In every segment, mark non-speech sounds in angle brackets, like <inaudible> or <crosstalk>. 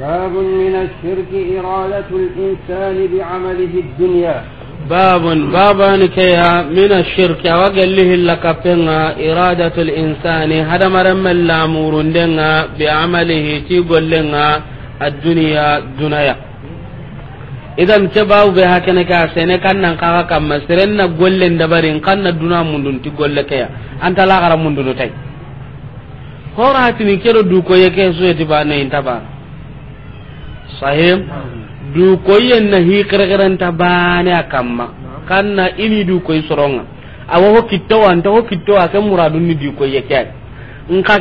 باب من الشرك إرادة الإنسان بعمله الدنيا باب باب نكيها من الشرك وقال له لكفنا إرادة الإنسان هذا مرمى اللامور لنا بعمله تيقول لنا الدنيا دنيا idan ke bawu be hakene ka sene kan nan kaka kamma seren na gollen dabarin kan na duna mundun ti golle kaya anta la gara mundun tai hora hatini kero du ko yake so ba ne sahim du koyen na hi kregeren ta bane akamma kanna ini du koy soronga awo ho kitto an to ho kitto ake muradun ni du koy yake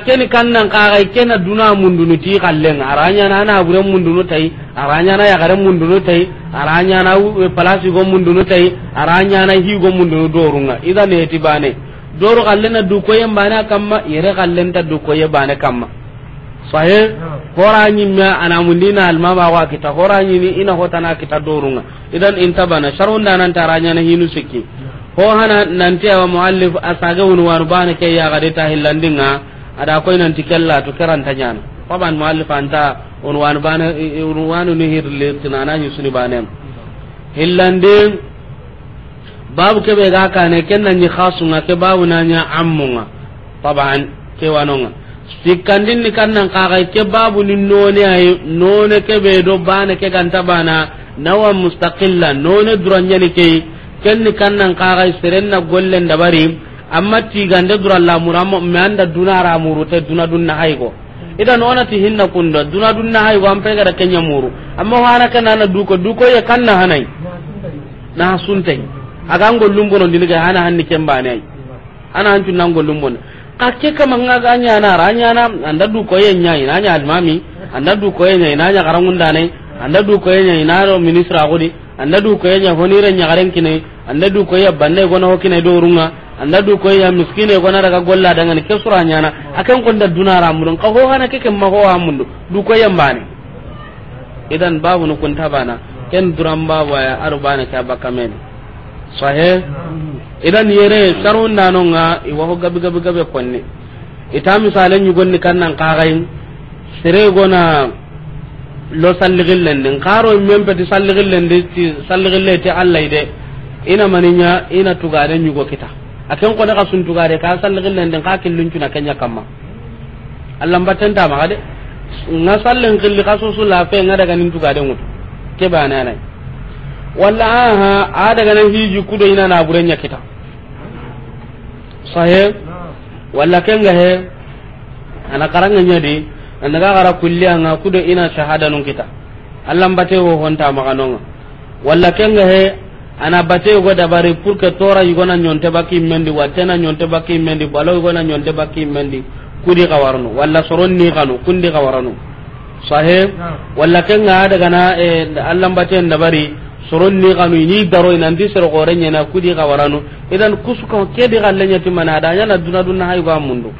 ken kan nan ka ga ken na duna mundu ni ti kallen aranya na na gure mundu no tai aranya na ya gare mundu no tai aranya na u e palasi go mundu no tai aranya na hi go mundu no dorunga ida ne ti bane doro kallen na du koy bane akamma yere kallen ta du koy bane kamma sahih hora me ana mundina alma ba wa kita hora ina hotana kita dorunga idan intabana sharunda nan taranya na hinu sikki ho hana nanti awa muallif asage wonu waru bana ke ya gade ta hillandinga ada koy nanti kellatu to karanta nyana faban muallif anta on wanu bana on wanu ni hirle tinana ni suni banem hillandin babu ke be ga kane kenna ni khasunga ke babu nanya ammunga taban ke wanonga sikkandin ni kannan kaka ke babu ni none ay none ke be do bana ke ganta bana nawa mustaqilla none duranya ni ke ken ni kannan kaga serenna gollen dabari amma tigande dura la muramo me anda dunara muru dunadun na dunna haygo idan ona ti hinna kunda dunadun na haygo am pega da kenya muru amma wana kana na duko duko ya kanna hanai na suntai agango lumbono diniga hana hanni kembane ana hancu nango lumbono kake kama nga ga nya na ranya na anda du ko yenya ina nya almami anda du ko yenya ina nya garangun ne anda du ko yenya ina ro ministra gudi anda du ko yenya honire nya garen kine anda du ko ya banne gona kine do runga anda du ko ya miskine gona daga golla daga ne kesura nya na akan kon da dunara mun ka ho hana keke ma ho amun du ko bani idan babu nu kun tabana ken duran babu ya arbana ka bakamen sahih idan yere sarun nanonga iwa ho gabi gabi gabi konni ita misalan yugonni kannan kagayin sire gona lo salligillen din karo men peti salligillen din ti salligil le ti Allah ide ina maninya ina tugare nyugo kita akan ko daga sun tugare ka salligillen din ka killun tuna kanya kamma Allah batan ta ma ga de na salligil ka so su lafe nga daga nin tugare mutu ke bana nai walla aha a daga nan hiji kudo ina na gure nya kita sahe walla kenga he ana karanga nya di anda ga gara kulli anga kudo ina shahada nun kita allah bate wo honta maganonga walla kenga he ana bate go dabari pour que tora na nyonte baki mendi watena nyonte baki mendi balo na nyonte baki mendi kudi kawarno soron ni kanu kundi kawarno sahe walla kenga daga na eh, allah bate dabari soron ni kanu ni daro ina ndi sero gore nyana kudi ga waranu idan kusu kusuka ke di galle nyati mana da na duna duna hay ba mundu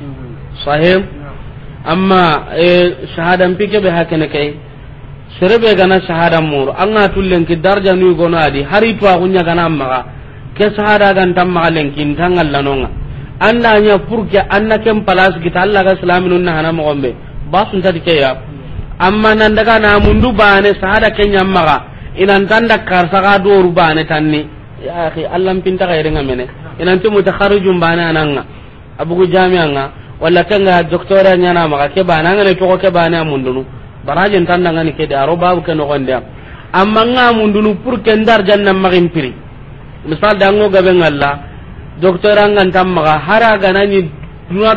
sahib amma e shahadan pike be hakene kai sere be gana shahada muru anga tullen ki darja nu gono adi hari to agunya gana amma ke shahada gan tam len kin tangal lanonga anna nya purke anna kem palas kita Allah ga salamin na hana mo gombe basun tadi ke ya amma nan daga na mundu bane shahada kenya amma inan tanda karsa ga doru bane tanni ya akhi allan pinta ga irenga mene inan tumu takharujum bane ananga abugu jami'anga walla kanga nyana maka ke bana ngane to ko ke bana mundunu barajen tanda ngani ke da amma nga mundunu pur ke ndar janna magin piri misal da ngo gabe ngalla ngan hara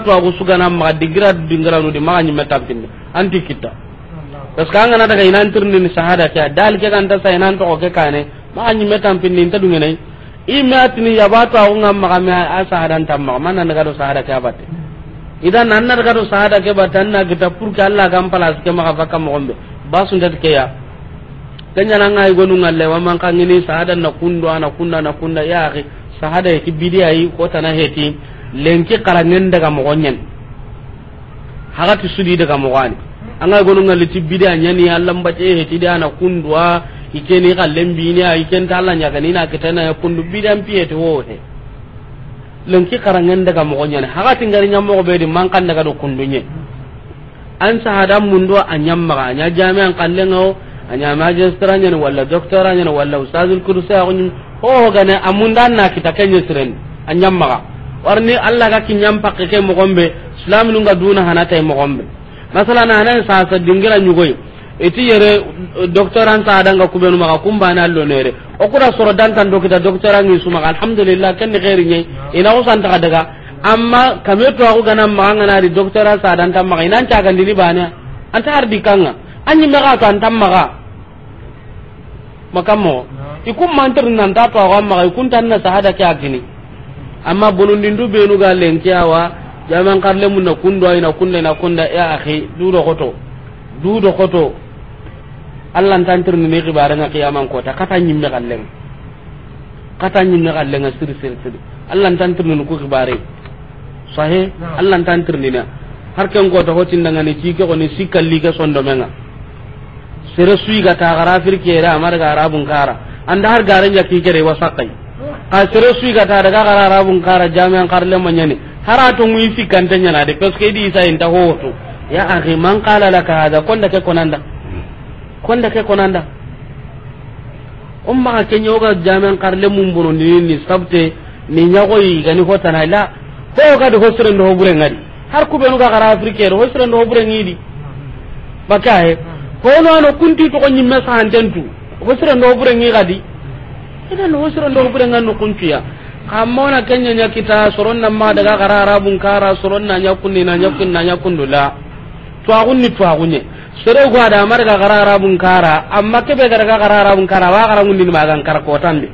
to agu maka nu di maka anti kita parce que an gana daga ina tirni ni shahada ta dal ke kan ta sai nan to ke kane ma anyi metan pinni ta i ma tini ya ba ta unga magame a shahada ta ma man nan daga do shahada ke abate idan nan nan daga do shahada ke batan na gita pur ke Allah gam palas ke maga fakka mo gombe sun da ke ya kanya nan ngai gonu ngalle wa man kan ni shahada na kundo ana kunna na kunna ya akhi shahada ke bidi yi ko ta na heti lenki karangen daga mo gonyen hagati sudi daga mo gani anga gonu ngalli tibbidi anyani allan bace he tidana kundwa ikeni kallen bini a iken talla nyaga ni na ketena ya kundu bidan piyete wo he lonki karangen daga mo nyane haga tingari nya mo be di mankan daga do kundu nye an sahada mundo anyam ma nya jami'an kallen o anya magistra wala walla nya nyane wala ustazul kursa a gonyin ho gane amundan na kitakenye siren anyam ma warni allah ga kinyam pakke ke mo gombe islam ga duna hanata mo gombe masala na masalan anan sa dingira nyugoy iti yere docteur an ta danga kubenu maka kumbana allo nere okura soro dantan dokita docteur an yusu maka alhamdulillah ken ni khairi nyai ina usan ta daga amma kameto aku gana maka nganari docteur an sa dantan maka inan cagan dini bana anta hardi kanga anyi maka to antam maka makamo ikum mantir nan ta to amma ikun tan na sahada kya gini amma bonundindu benu ga lenkiyawa jaman karle mun na kundo ay na kunna na kunda ya akhi dudo koto dudo koto allah tantir ni ne gibare na ko ta kata nyimme kalleng kata nyimme kalleng sir sir sir allah tantir ni ko xibaare sahe allah tantir ni na har ken kota hotin daga ne ke ko ne sikalli ga sondo menga sere sui ga ta gara firke ra amar ga arabun kara anda har garan ya kike re wasakai ka sere sui ga ta daga gara arabun kara jami'an karle manyane hara mu ngui sikkan tanya na de parce que di sa inta hoto ya akhi man qala laka hada konda ke konanda konda ke konanda umma ke nyoga jamen karle mum bono ni ni sabte ni nyago yi gani hota na la ko ga de hosren do bure ngadi har ku benu ga gara afrike ro hosren do hobure ngidi baka he ko no no kunti to ko nyimme sa hantentu hosren do bure ngi gadi idan hosren do bure ngano ya kammona kenya nya kita soron nan ma daga gara arabun kara soron na nya kunni na nya kunna nya kundula to agun ni to agunye sore go ada mar daga gara arabun kara amma ke be daga gara arabun kara wa gara ngundi ma gan kar ko tan bi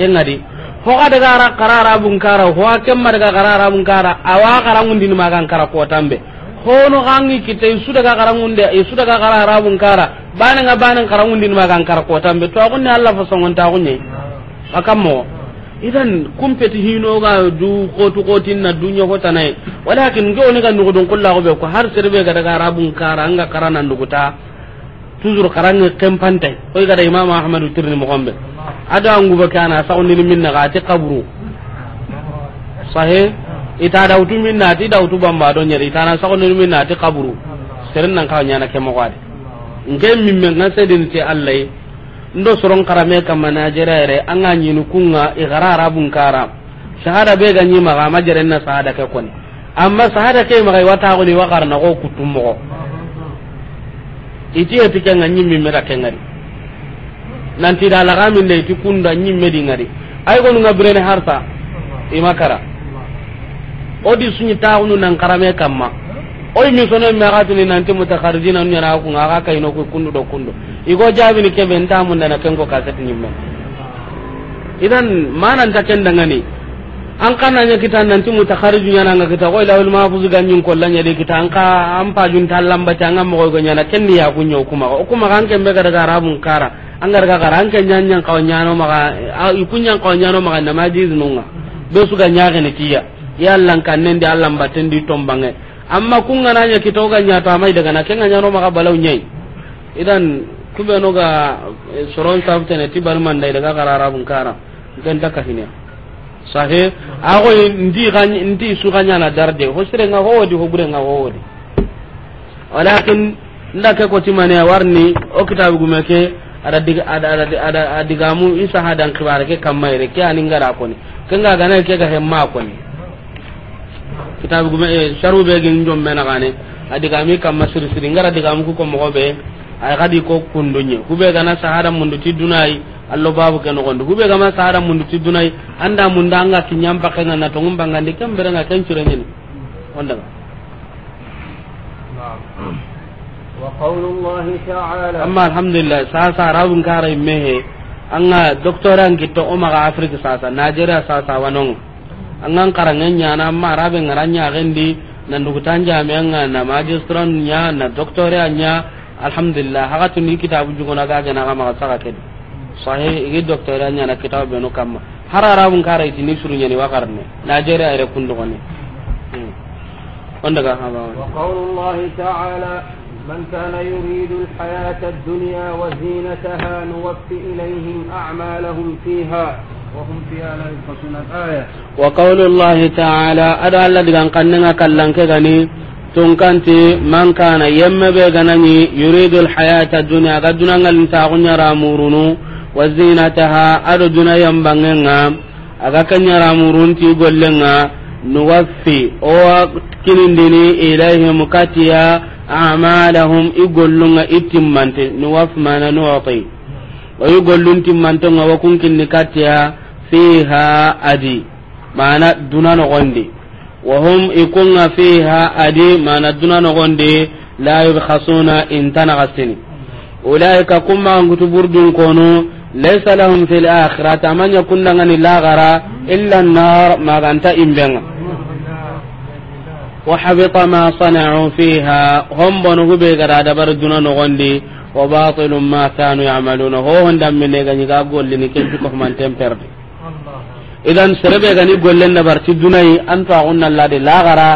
kenna di ho ada gara arabun kara ho ke mar daga gara arabun kara awa gara ngundi ma gan kar ko tan be hono gangi kita isu daga gara de isu daga gara arabun kara bana ga bana kara ngundi ma gan kar ko tan be to agunni allah fa songon ta agunye akammo idan hino ga du kotu kotinna dunya hotanaye walakin ne ga kulla go be ko har sir be serebe gadaga arabun kara anga tuzur karanga karange o ga gada imam ahmadu tirni mogonɓe ado anguba ke ana sagundini minna ga ati qabru sahe ita da utu min dawtu minna ati dawtu bamba do sa onni min na ti qabru sirin nan ka nya na ke mo ngem min men na sai din ti allahy ndo soron karame kam najeriya yere an ga ñini kunga igara arabun kara shahada be ga ñima ga ma jerenna shahada ke kon amma shahada ke maga ni wa garna ko kutummo ko iti eti kenga mi mera kengari nanti da laga min de iti kunda ñimme di ngari ay ko nga brene harta ima kara odi sunyi taxunu nan karame ma. oy mi sono mi agatini nanti mutakarrijina nu yana kunga aga no ku kundu do kundu igo ni kebe nta mun dana kengo ni nyimme idan manan ta kenda ngani an kana nya kita nanti mutakarrijina nanga kita oy lawul mahfuz ganyin kollanya de kita an ka an jun ta bata an mo go nyana kenni ya kunyo kuma o kuma kan kembe ga daga rabun kara an ga daga karan ken nyan kaw nyano maka nyan kaw nyano maka namaji nunga be su ga nyaga ne kiya yallan kan nende allah mbatendi tombange amma nanya kito ga nya ta mai daga na ken nya no maka balau nyai idan kube no ga eh, soron tafte ne tibal man dai daga karara bun kara dan daka kahinya sahe ago ndi ga ndi su nya na darde ho sire nga wodi ho gure nga wodi. walakin nda ke ko timane warni o kitabu gumeke ada diga ada ada ada adigamu isa hadan kibare ke kamai re ke aninga ra ko ni kenga ga na ke ga hemma ko ni kitabu gume e sharu be gin jom mena gane adi ga mi kam masir sir ngara diga mu ko mo be ay gadi ko kundunye ku be gana sahara mundu ti dunay allo babu ken gondu ku be gama sahara mundu ti dunay anda munda anga ti nyamba kena na tongum banga de kam beranga tan ciranyen onda wa qawlullahi ta'ala amma alhamdulillah sa sa rawun kare mehe anga doktoran gitto o maga afrika sa sa najeriya sa sa wanong angan karanga nyana amma arabe ngaranya gendi na ndugutan jami'an na magistran nya na doctore nya alhamdulillah haga tuni kitabu jugona ga na ga ma saka kedi sahih igi doctore nya na kitabu beno kamma har arabun kara itini suru nya ni wakarne nigeria ere kundu gone hmm. on daga ha ba wa qaulullahi ta'ala من كان يريد الحياة الدنيا وزينتها نوفي إليهم أعمالهم فيها وهم فيها لا يبخسون الآية وقول الله تعالى أدعى الذي أن قننا كلن tunkanti man kana yemme be ganani yuridu alhayata dunya ga dunanga linta gunya ramurunu wa zinataha adu duna yambangenga aga kanya ramurunti gollenga nuwaffi o kinindini ilaihim katiya amalahum igollunga itimmante ni wafmana ni wati wa igollun timmantonga wa ni kattiya fiha adi mana duna gonde wa hum ikunga fiha adi mana duna gonde la yubkhasuna intanakasini ulaika kuma ngutu burdun kono laysa lahum fil akhirati amanya kundangani lagara illa nar maganta imbenga وحبط ما صنعوا فيها هم بنو بي غدا دبر دون نغندي وباطل ما كانوا يعملون هو هندم من غني غاغول لي كيف كهم ان تمبر idan serebe gani gollen da barci dunai an to agun nalla de lagara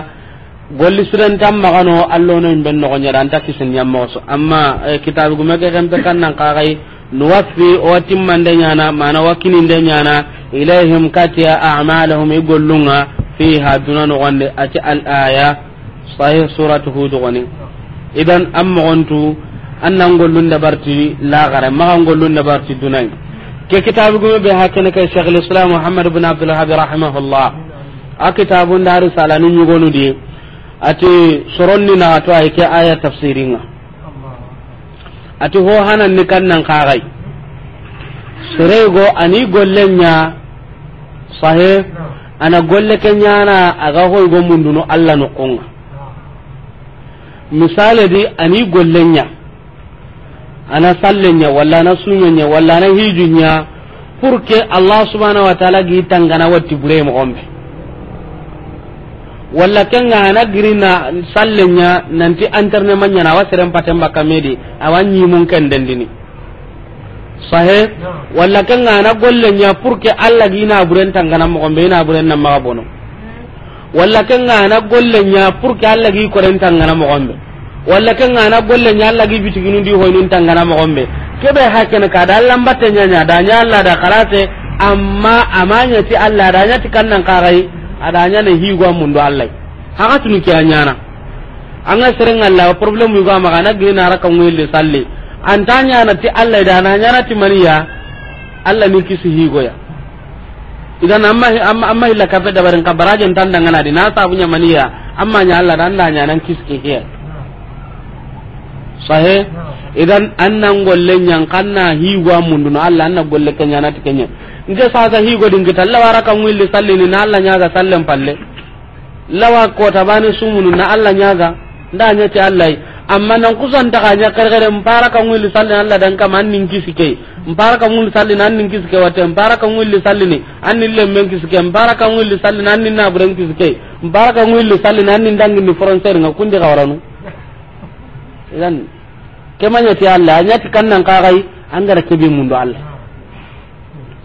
golli sudan tam magano allo no imben no gonya dan ta moso amma kitabu gume ga kan be kan nan kagai nuwaffi o timman de nyana mana wakinin de nyana ilaihim katiya a'malahum igollunga fiha duna nogonde ati al aya sahih suratu hud goni idan am mogontu annan gollun da barti la gare ma gollun da barti dunai ke kitabu gume be hakene kay shaykh al-islam muhammad ibn abdul rahimahu rahimahullah a kitabun daru salani nyugonu di ati soronni na ay ke aya tafsiringa ati ho hanan ni kannan kagai serego ani gollen gollenya sahih ana golle ke nyana aga hoy go munduno alla no konga misale di ani nya ana nya walla na nya walla na nya purke allah subhanahu wa ta'ala gi tangana wati bure mo gombe walla na ana girina nya nanti antarne manya na wasere patemba kamedi awanyi mun kan dandini sahe wala kan ngana golle nya purke alla gina buren tangana mo ko meena buren na ma bono wala kan ngana golle nya purke alla gi ko ren tangana mo gombe wala kan ngana golle nya alla gi biti bitiginu ndi hoynun tangana mo gombe kebe hakene ka da alla mbatte nya nya da nya alla da karate amma amanya ti alla da nya ti kannan kagai adanya ne hi higo mundo alla ha haka tunu nya na anga sereng alla problem yugo magana gina raka ngwele salli antanya nati Allah da ananya nati maniya Allah ni kisi higo ya idan amma amma amma illa kafe da barin kabaraje tan dan adi na ta punya maniya amma nya Allah dan nya nan ki hiya sahe idan annan gollen yan kanna hiwa mundu no Allah annan golle kenya nati kenya nge sasa higo dingi talla wille salli ni na Allah ga sallen palle lawa kota bani sumunu na Allah ga nda ti Allah amma nan kusan ta ganya kargare mpara kan wili salli Allah dan kama annin kisike mpara kan wili salli nan annin kisike wata mpara kan wili salli ni annin lemmen kisike mpara kan wili salli nan annin naburen kisike mpara kan wili salli nan nin dangin ni frontier nga kunde kawaranu idan kemanya ti Allah anya ti kannan an gara kebe mundu Allah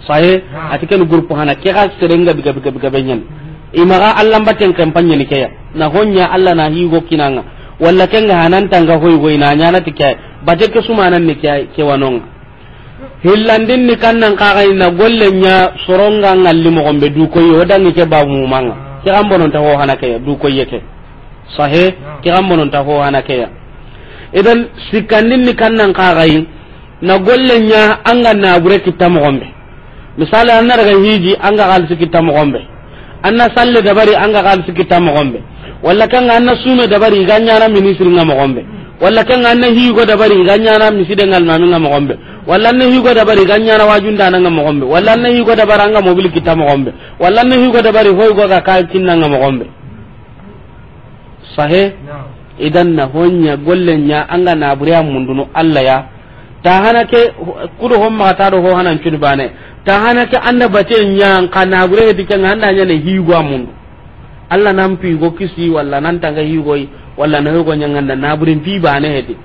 saye atiken groupe hana ke ga serenga biga biga biga benyen imaga Allah mbaten kampanye ni kaya na honya Allah na higo kinanga walla kenga hanantanga hoygoyna ñanati ke bate ke sumananni ke wanonga hillandinni kannan kaxayna golle nya soronga ngalli du dukoye o dangi ke babumumanga ke xan ta ho hana du dukoye ke sahe ke xan ta ho hana keya idan sikkandinni kannan kaxayi na golle nya anga naɓure kitta gombe misali anna daga hiji anga xalisi mo gombe anna salle dabari anga xalisi mo gombe kan kanga na sume dabari na ministre nga mogombe walla kanga na higo dabari ganyana miside ngal mami nga mogombe wala anna higo dabari na wajunda nga mogombe walla anna higo dabara nga mobil kita mogombe wala anna higo dabari hoygo ga na nga mogombe sahe idan na honya golle nya anga na buriya munduno Allah ya ta hana ke kudo ma ta do ho hanan cuni bane ta hana ke anda bace nya kan na buriya dikan handa nya ne hiugo mundu alla nan go kisi walla nan tanga higoyi walla na higo nyanganda na burin ti bane hedi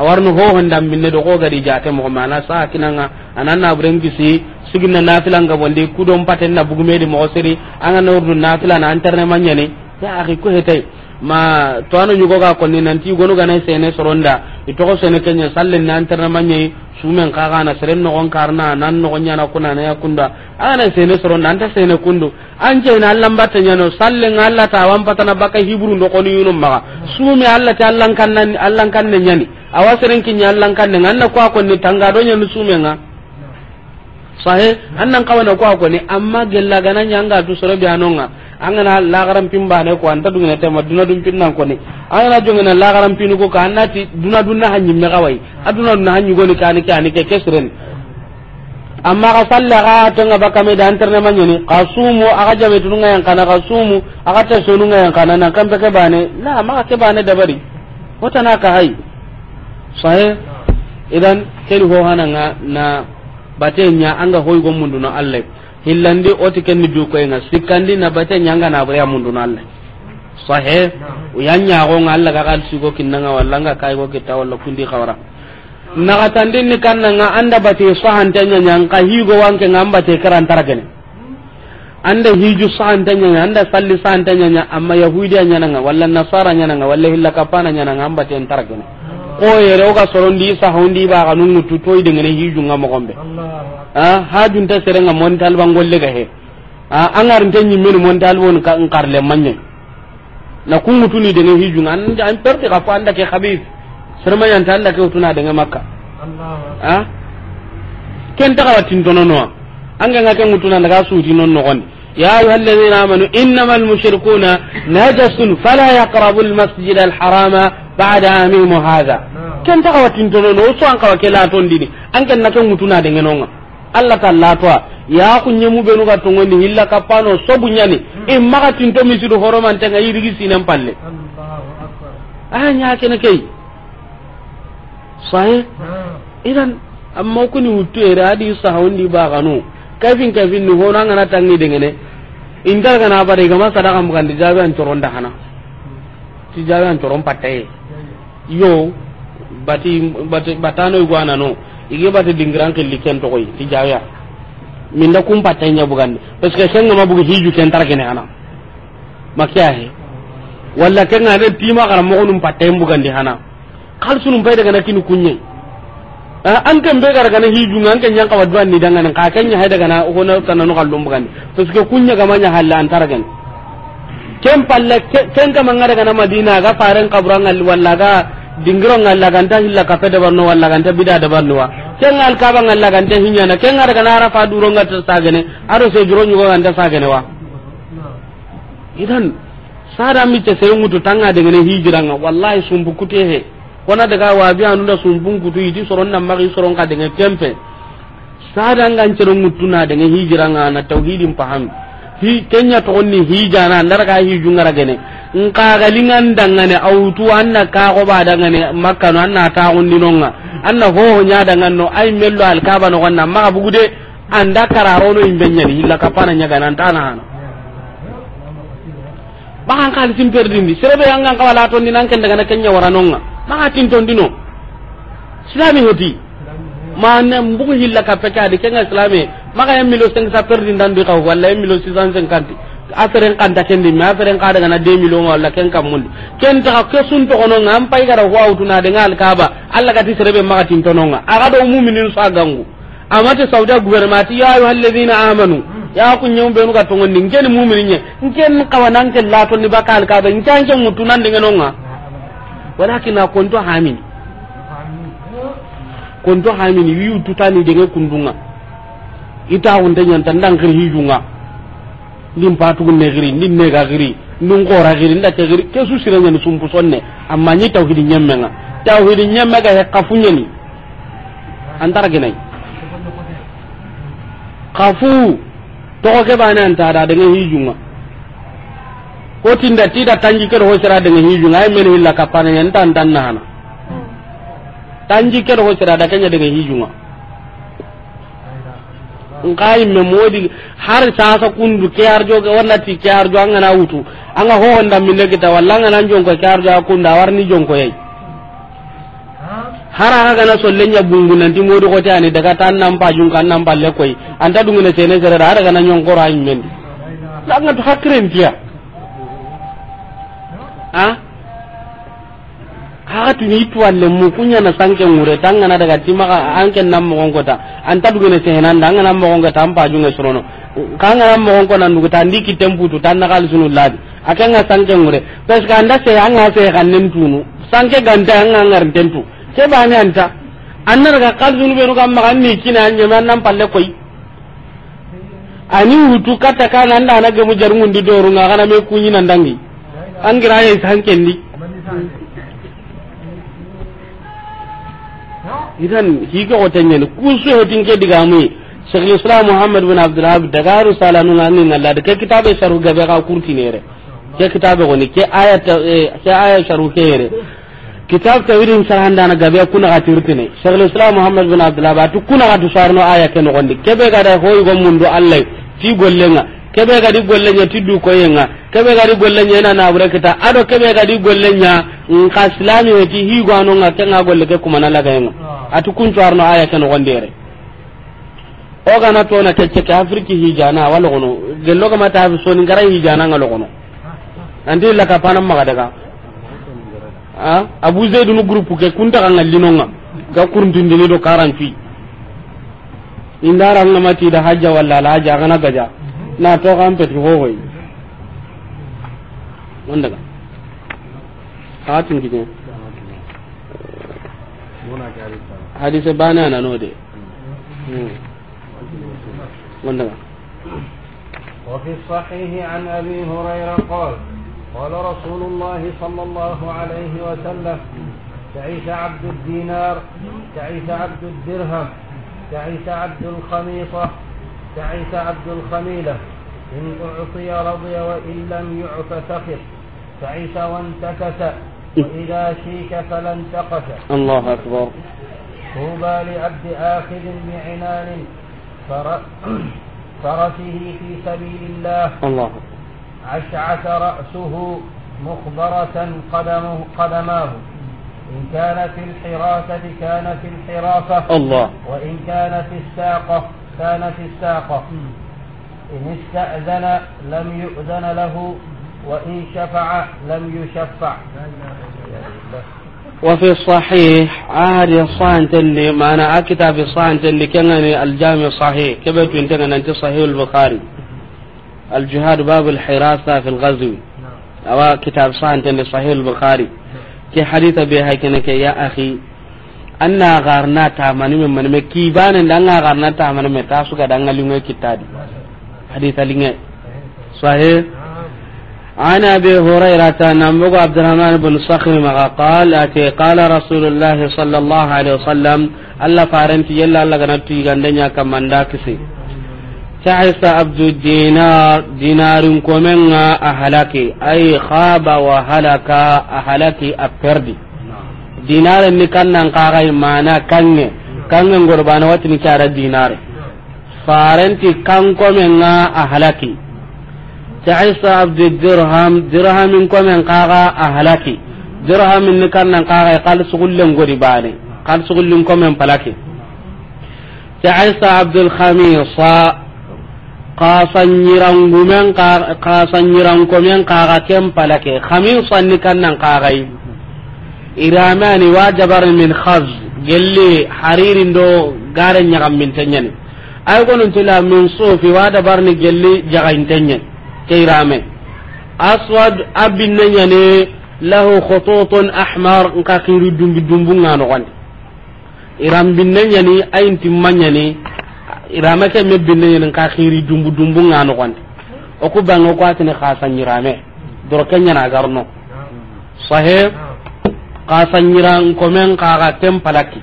awarno ho handa minne do go gadi jate mo mana sa kinanga anan na burin kisi na na nga bonde kudon paten na bugumedi mo siri anga na urdu na na anterne ne ya akhi ko hetai ma to anu yugo ga konni go gonu ga ne sene soronda itoko sene kenya sallin na antarne manya sumen kaga na seren no karna nan no nya na kuna na yakunda ana sene soro nan ta sene kundu je na Allah batta nyano no sallen Allah ta wan patana baka hibru ndo koni yunum ma sumi Allah ta Allah kan nan Allah kan nan nyani awa seren kin Allah kan nan anna kwa ko ni tanga do nyano sumen sume nga sahe annan kawana kwa ko ni amma gella ganan nyanga du soro bi anonga angana lagaran pimba ne ko anta dungene tema duna dum pin ko koni angana jongena lagaran pinu ko kanna ti duna dunna hanyi me gawai aduna dunna hanyi goni kani kani ke kesren amma ka salla ga to ngaba kame da anterne manyoni qasumu aga jame dunnga yang kana qasumu aga ta sununga yang kana nan kan ke bane la ma ke bane dabari wata na ka hai sai idan kelu ho hananga na batenya anga hoy munduna na allah hillandi oti kenni dukoyenga sikkandi nabate ñanga nabureya mundu nalle sahe uya ñagonga allah ga kal sigo kinnanga walla nga kaygo kitta walla kundi xawra. nagatandin ni kannanga anda bate sahantenya ñanka higo wanke nga ambate karantara kene anda hiju sahantenya anda salli sahantenya amma yahudiya ñananga walla nasara ñananga walla hilla kapana ñananga ambate entara kene ko yere oga sorondi sahondi baga nungutu toyidengene hijunga mogonɓe Ah, hajun ta sere nga mon tal bangol le gahe a ah, angar nte ni men mon tal won ka ngar le manye na ku mutu ni de ne hijun an an perte ka fa anda ke khabib sere ma yan tan da ke utuna de nga makka ha ah? ken ta wa tin dono no anga nga mutuna daga su ti non no gon ya ayyuha alladhina amanu innamal mushrikuuna najasun fala yaqrabul masjid al harama ba'da amihim hadha ken ta wa tin dono no so an ka ke la ton dini an ken na ke mutuna de nga Allah kallatwa ya kunye mu benu ga tongo ni hilla kapano sobunya ni e hmm. maga tinto mi sidu horoman tanga yirigi sinan palle ah, hmm. idan amma ni hutu era adi sahawndi baganu kafin kafin ni hono ngana tangi dengene kana gama sadaka mu kandi jabe an toronda hana hmm. ti jabe an toron patte yo bati batano igwana no igi bati dingiran kelli ken koy ti jawya min da kum nya bugan parce que sen ma bugi hiju ken tar kene ana makya he walla ken na ti ma gara mo onum patay di hana kal sunum pay daga nakini kunye ah, an kan be gara gana hiju ngan kan yan kawad ban ni dangan ka kan nya daga na ko na tananu kallum bugan parce que kunya ga manya halla antara gan ken palle ken ka mangara gana madina ga faran kaburan walla ga dingiro ngalla ganta hilla kafe pede barno walla ganta bida da barno wa kenga al kaba ngalla ganta hinya na kenga daga na rafa duro ngata sagene aro se juro nyugo ganta sagene wa idan sara mi te sey ngutu tanga de ngene hijira nga wallahi sumbu he kona daga wa bi anu da sumbu ngutu yidi soron na magi soron ka de ngene tempe sara ngan cero mutu na de ngene hijira nga na tauhidin pahami hi kenya to ni hi jana ndar ka hi jungara gene in ka galingan dangane autu anna ka go ba dangane makka no anna ta gundi nonga anna ho ho nya dangan no ay mello al kaaba no gonna ma bugude anda kararo no imbe nyani illa ka pana nya ganan tana ba han ka tin perdindi serebe ka wala to ni ken daga kenya waranonga ma tin tondino islami hoti mana mbugu hilla ka pekade kenga islami maka yang milo cinq cent perdi ndan bi kaw wala en milo six cent cinquante aseren kan ta kendi ma aseren ka daga na 2 milo wala ken kam mun ken ta ka kesun to ono ngam pai gara wa utuna de ngal kaba alla ka ti serebe maka tin to nonga aga do mu'minin sa gangu amate sauda gubernati ya ayu ladina amanu ya kun nyum benu ka to ngin ken mu'minin nye ken kawanan ken to ni bakal kaba ken ken mutunan de nonga walakin na konto hamin konto hamin yu tutani de kundunga ita hunde nyanta ndan gir hijunga nim patu ne giri nim ne ga giri nun gora giri nda ke giri ke su sirenya ni sumpu sonne amma ni tauhidin nyemmenga tauhidin nyemmega he kafunya ni antara genai kafu togo ke bana anta da dengan hijunga ko tinda tida tanji ke ho sira dengan hijunga ay men hilla kapana nyanta ndan nahana hmm. tanji ke ho sira da kenya dengan hijunga ngai me modi har sasa kundu ke arjo ga walla ti ke arjo an na wutu an ga ho honda minne kita walla an nan jonko ke arjo ko nda warni jonko yai har aga gana sollenya bungu nan ti modi ko ni daga tan nan pa jun kan nan balle koi anta dungu ne sene sere har gana nyon ko ra immen langa to hakren tiya ha hakati ni alle mu kunya na sanke ngure na daga ka anke nam mo ngota anta se sehenan danga nam mo ngota ampa junga sorono nga nam mo ngona ndi ki tempu tu tanna kal aka nga sanke ngure pes ka anda se anga se tu nu sanke ganda anga ngar tentu ke bani anta annar ga kal sunu be ruga ma ni kina anye man nam palle koi ani wutu kata kana anda na gemu jarungu ndi doru kana me kunyi an angira ye sanke ndi idan higa otanya ni kusu hetin ke diga mu Sheikh Islam Muhammad bin Abdul Wahab daga risala nun nan nan Allah da kitabe sharu gabe ka kurti ne re ke kitabe goni ke aya eh, ke aya sharu ke re kitab tawirin sarhanda na gabe kuna ka ne Sheikh Islam Muhammad bin Abdul Wahab tu kuna ka tusarno aya ke no gondi kebe ga da hoyi go mundu Allah ti gollenga kebe golle gollenya tiddu ko koyenga kebe gadi gollenya ina nabure kita ado kebe gadi gollenya nka silami weti higo anonga kenga golle ke kumana lagayenga ah. atu kuncu arno aya ken gondere ogana tona kecce ke afriki hijana walogono gelloga mata fi soni ngara hijana nga logono andi ka panam maga daga a ah, abu zaidu nu groupe ke kunta kan ngallinonga ga kurntindini do karanci indara ngamati da hajja walla la hajja kana gaja na to kan peti hoy wanda ga hatin gine hadise bana na no de wanda وفي الصحيح عن ابي هريره قال قال رسول الله صلى الله عليه وسلم تعيش عبد الدينار تعيش عبد الدرهم تعيش عبد الخميصه تعس عبد الخميلة إن أعطي رضي وإن لم يعط سخط تعس وانتكس وإذا شيك فلا انتقس الله أكبر طوبى لعبد آخذ بعنان <clears throat> فرسه في سبيل الله الله عشعث رأسه مخبرة قدمه قدماه إن كان في الحراسة كان في الحراسة الله وإن كان في الساقة كانت الساقة إن استأذن لم يؤذن له وإن شفع لم يشفع وفي الصحيح عهد الصانت اللي معنى كتاب الصانت اللي كان الجامع صحيح كبت انت انت صحيح البخاري الجهاد باب الحراسة في الغزو نعم. أو كتاب صانت اللي صحيح البخاري كي حديث بها كنك يا أخي anna garna ta mani men mani ki banen dan garna ta mani me ta suka da anga linga kitadi haditha linga sahih عن ابي هريره نمو عبد الرحمن بن صخر ما قال اتي قال رسول الله صلى الله عليه وسلم الله فارنت يلا الله غنتي غندنيا كماندا تعس عبد الدينار دينار كومن اهلكي اي خاب وهلك اهلكي افردي dinare ni kannan kaxay mana kange kange ngorbana watini cara dinare farenti nga a halaki taisa abdi dirham dirhamin komen kaxa a halaki dirhamin ni kannan kaxay kal sugullen godi bane kal sugullin komen palaki taisa abdul khamisa kasanyirangumen kasanyirankomen kaxa ken palake khamisa ni kannan kaxayi iramani wa jabarin min khaz gelli haririn do garen nyagam min tanyani ay gonun tula min sufi gelli jagain ke irame aswad abin nanyani lahu khututun ahmar nka kiri dumbi dumbu ngano kwani iram bin nanyani ayin timmanyani irame ke me bin nanyani nka kiri dumbu dumbu ngano oku bango khasan ka sanyira komen ka ga kem palaki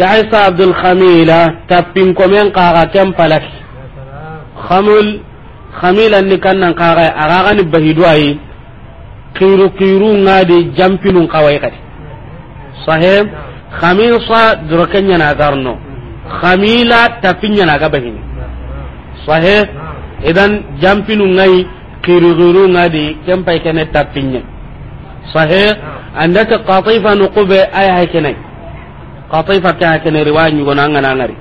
ya isa abdul khamila tapin komen ka ga kem palaki khamul khamila ni kannan ka ga aga ga ni bahidu ayi kiru kiru ngadi jampinun kawai kadi Sahe khamisa durakenya na garno khamila tapinya na ga bahini sahem idan jampinun ngai kiru kiru ngadi kempai kene tapinya Sahe. anda ta qatifa no qube aya hakenai qatifa ta hakenai riwanyu gona ngana ngari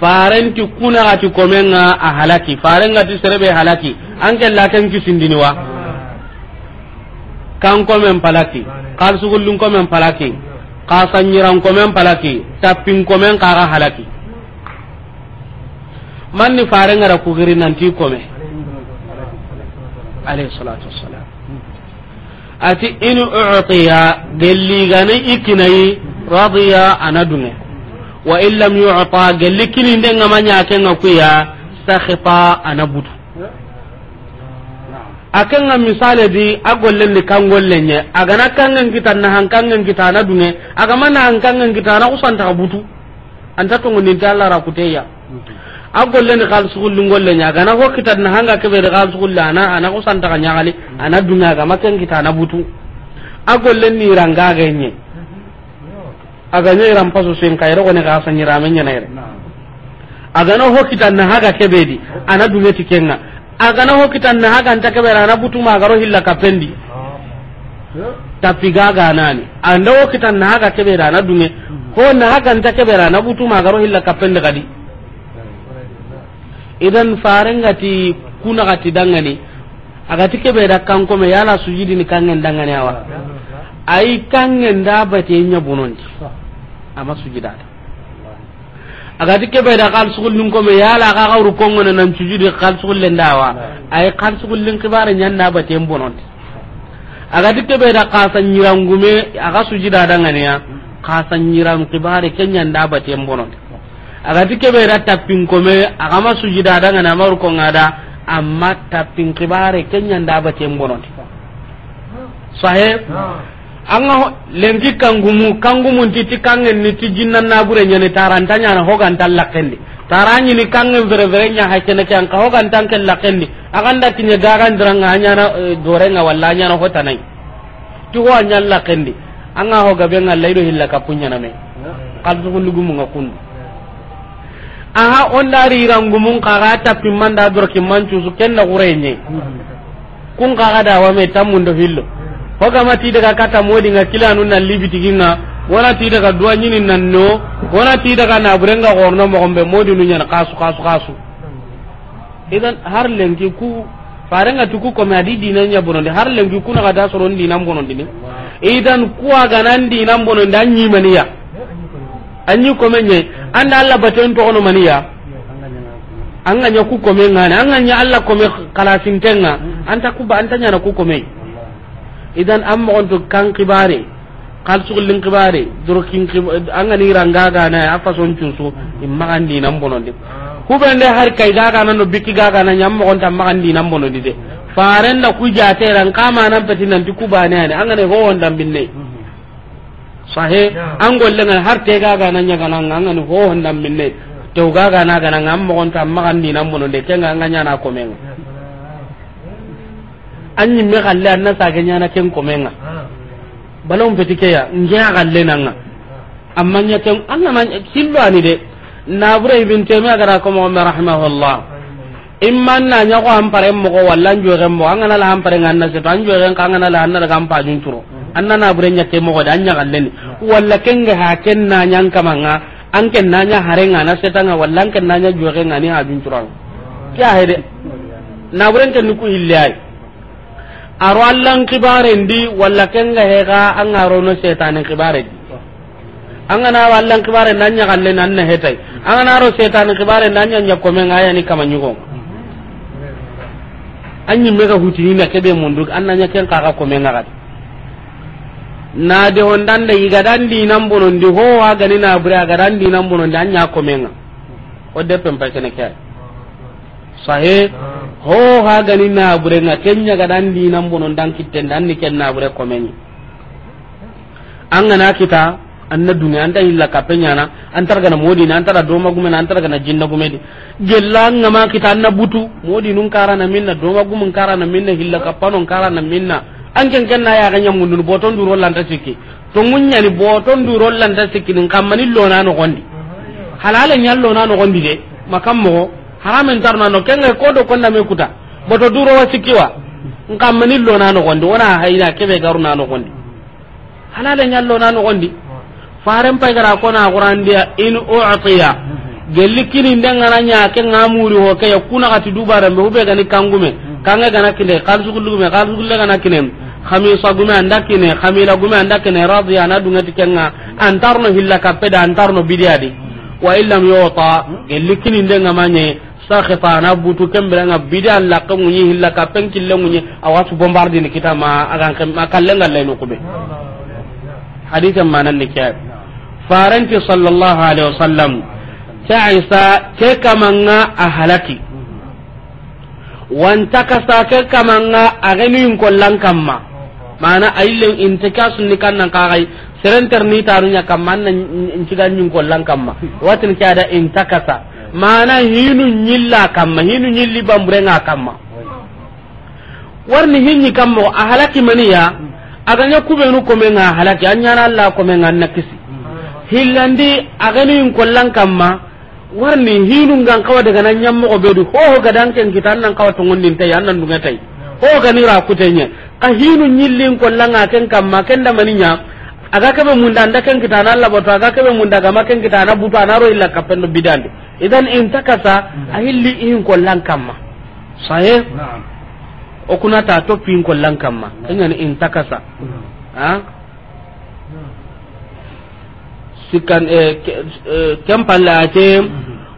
farenti kuna ati komenga a halaki farenga ti serebe halaki anke laten ki sindini wa kan komen palaki kal sugullun komen palaki kasanyiran komen palaki tapin komen kara halaki manni farenga ra nan ti kome alayhi salatu wassalam ati in u'tiya gelli gane ikinai radiya anadunge wa in lam yu'ta gelli kini den ngamanya kenga kuya sakhifa anabutu akan ngam misale di agollen ni kangollen nye agana kangen kita na hankangen kita na dunge agama na hankangen kita na usan ta butu anta to ngonin ta a golle ni khal sugullu golle nya ga na ho kitan na hanga ke be ana ana ko santa nya gali ana dunga ga makan kita na butu a golle ni ranga ga nye aga nye ran paso sen kai ro ne ga san ni ramen nya ne aga na ho kitan na haga ke be di ana dume ti aga na ho kitan na haga anta ke be ana butu ma garo hilla kapendi tapi gaga nani anda ho kitan na haga ke be ana dume ko na haga anta ke be ana butu ma garo hilla kapendi gadi idan farengati kunagati dangani agati kebe da kankome yala ni kangen dangani awa ayi kangen da bate ñabunondi ama sujudata agati kebe da kalsugullin kome yala aga gawru kongone nan sujudi kalsugullen dawa ayi kalsugullin kibare ñanda baten bonondi agati keɓe da kasa ñirangume aga dangani danganiya kasa ñiran kibare ke ñanda baten bonondi agati keɓeera tappin kome agama sujida adangani amaru kongada amma tappin kibare kenyanda baten bonoti sahe anga lengi kangumu kangumunti ti kangen ni na ti jinnan nabure ñani tarantanyana hogantan lakkendi tarañini kangen vere vere ña ha kene ke anka hogantan ken lakkendi aganda tiñe gagandiranga añana e, dorenga walla añana hotanayi ti ho añan lakkendi anga hogabenga laydo hilla kappuñaname kalsugundugumunga kundu aha on dari rangumun kaga tapi manda dor kimman cusu kenna gurenye kun kaga da wa me tamun do hillo ko ma ti daga kata modi nga kilanu na libiti ginna wala ti daga duwa nyini nan no wala ti daga na burenga gorno mo gombe modi nu nyana kasu kasu kasu idan har lengi ku farenga tuku ko ma adi dinan nya bonon de har lengi ku na kada soron dinan bonon dinin idan ku aga nan dinan bonon dan nyimaniya anyi komenye anda alla baten to ono maniya anga nya ku komen ngana anga nya alla kome kala sintenga anta ku ba anta nya na ku komen idan am on to kan kibare kal lin kibare dur dorokin anga ni ranga ga na apa son tun so imma andi nan bonon de ku bende har kai ga ga nan no biki ga ga nan amma on ta ma andi nan bonon de faren da ku jate ran kama nan petin nan ti kubane ne anga ne ho on binne sahe an golle na har te ga ga nan nya gana nan ni ho honda minne to ga ga gana gana am mo gonta magan ni nan mo de ga nganya na ko men an ni me galle an na sage nya na ken ko komenga balon petike ya nge ngiya galle nanga amma nya ken an na man sillo ani de na bure ibn taymiya gara ko mo ma rahimahullah imman na nya ko am pare mo ko wallan jo mo an na la am pare ngan na se tan an jo gen ngan na la an na ga am pa jun turo annana burenya ke mo da anya gallen walla kenga ha ken na nyang kamanga an ken na nya nga na nga walla an ken na nya juwe ngani ha bin turan kya hede na buren ken ku illai aro allan kibare ndi walla kenga he ga an aro no setane kibare di an gana allan kibare nan nya gallen an na hetai an gana aro setane kibare nan nya nya komen aya ni kamanyugo an yimme ga hutini na kebe mundu an na nya ken kaga komen nade hondande yigadandinambonondi ho wagani nabure agadandinambonondi a ñakomenga o deppenpaykene ke sahe ho hagani nabure nga keñagadandinambonondi an kittende anni ken nabure komeni angana kita anna dunga anta illa kappe ñana antaragana modini antara domagumen antaragana jinnagumedi gella ngama kita anna butu modi nun karana minna domagumu nkarana minna hilla kappano nkarana minna anken kenna yaxenya mundunu boton duro lanta sikki to ni boton duro lanta sikkinin kammani lona nogondi halale ñal lona gondi de makam en tarna no ken ko do me kuta boto duro wa sikki wa nkammani lona gondi wona hayna keɓe garuna nogondi halale ñal lona gara faren paygara qur'an dia in utiya gelli kini ndengana ken ngamuri ho keya kunakati dubarembe huɓegani kangume kanga gana kine kalsugullu gume kalsugulle gana kine khamisa gume anda kine khamila gume anda kine radiya na dunga tikenga antarno hilla kapeda antarno bidiadi wa illam yuta gelli kinin denga manye sakhita na butu kembere nga bidan la kamunyi hilla kapen killamunyi awatu bombardi ni kitama agan kam akallenga lay no kube hadithan manan ni kya faranti sallallahu alaihi wasallam ta isa ke kamanga ahalaki wanta ke kamanga agenuyin kollan kamma mana ayillen inteka sunni kannan kagai serenter ni tarunya kamma anna nciganyin kollan kamma watin kada intakasa mana hinu nyilla kamma hinu nyilli bamburenga kamma warni hinyi kammo a halaki maniya aganya kubenu komenga halaki anyana alla komenga nakisi hillandi agenuyin kollan kamma warni hinun gan kawa daga nan nyammo ko bedu ho ho gadan ken kitan nan kawa tungun din tay annan dunga tay ho ga ni ra kutenye ka hinu nyillin ko langa ken ma ken da maninya aga be munda anda ken kitana Allah boto aga be munda ga na buta na ro illa kapen do bidan idan in takasa mm. ahilli in ko lang kamma sahe o kunata ta to pin ko lang ma ngani in takasa mm. ha sikan kem pallate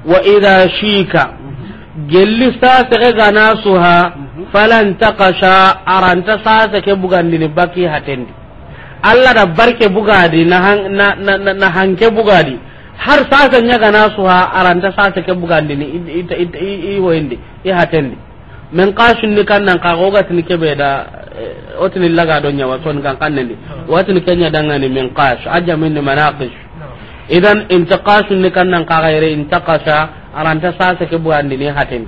wa idha shika gelli sasake gana ta falantakasha aranta sasake dini baki hatendi allah da barke bugadi na hanke bugadi har sasa ñagana ha aranta sasake bugandini iwoyindi i hatendi men kasunni kannan kaga ogatini keɓeda laga lagado ñawa soni kan kenya watini men min ajamin ni manaqish idan intaqasun ni kannan ka gaire intaqasa aranta sasa ke buandi ne hatin